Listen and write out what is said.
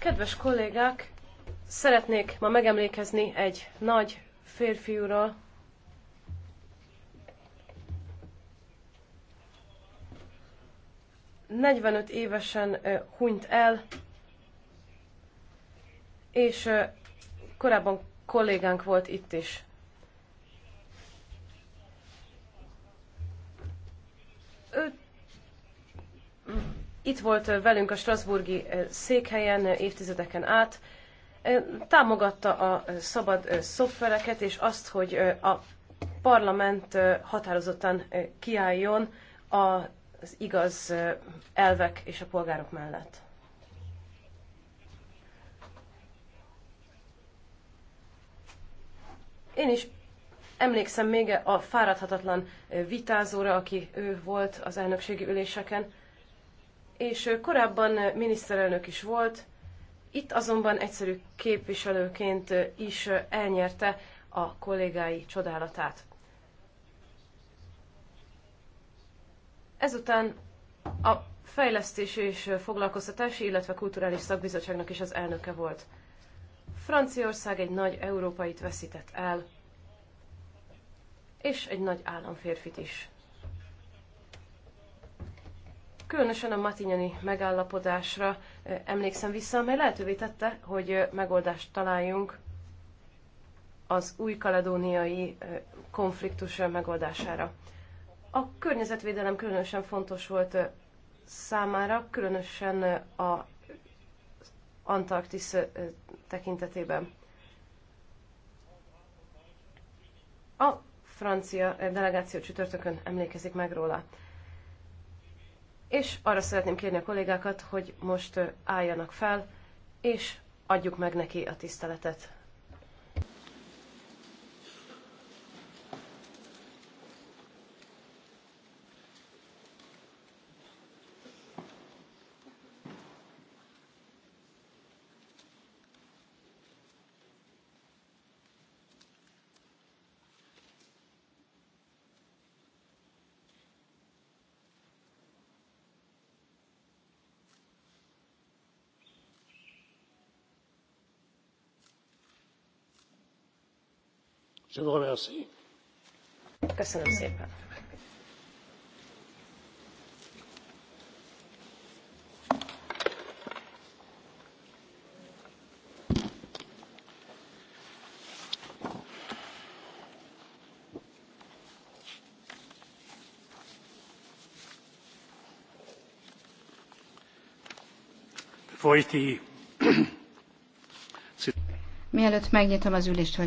Kedves kollégák, szeretnék ma megemlékezni egy nagy férfiúról, Negyvenöt évesen hunyt el, és korábban kollégánk volt itt is. itt volt velünk a Strasburgi székhelyen évtizedeken át, támogatta a szabad szoftvereket, és azt, hogy a parlament határozottan kiálljon az igaz elvek és a polgárok mellett. Én is emlékszem még a fáradhatatlan vitázóra, aki ő volt az elnökségi üléseken, és korábban miniszterelnök is volt, itt azonban egyszerű képviselőként is elnyerte a kollégái csodálatát. Ezután a fejlesztés és foglalkoztatási, illetve kulturális szakbizottságnak is az elnöke volt. Franciaország egy nagy európait veszített el, és egy nagy államférfit is. Különösen a Matinyani megállapodásra emlékszem vissza, amely lehetővé tette, hogy megoldást találjunk az új kaledóniai konfliktus megoldására. A környezetvédelem különösen fontos volt számára, különösen a Antarktisz tekintetében. A francia delegáció csütörtökön emlékezik meg róla és arra szeretném kérni a kollégákat, hogy most álljanak fel, és adjuk meg neki a tiszteletet. Köszönöm szépen. Mielőtt megnyitom az ülést,